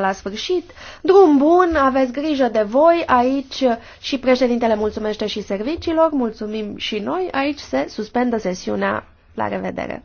la sfârșit. Drum bun, aveți grijă de voi, aici și președintele mulțumește și serviciilor, mulțumim și noi, aici se suspendă sesiunea. La revedere!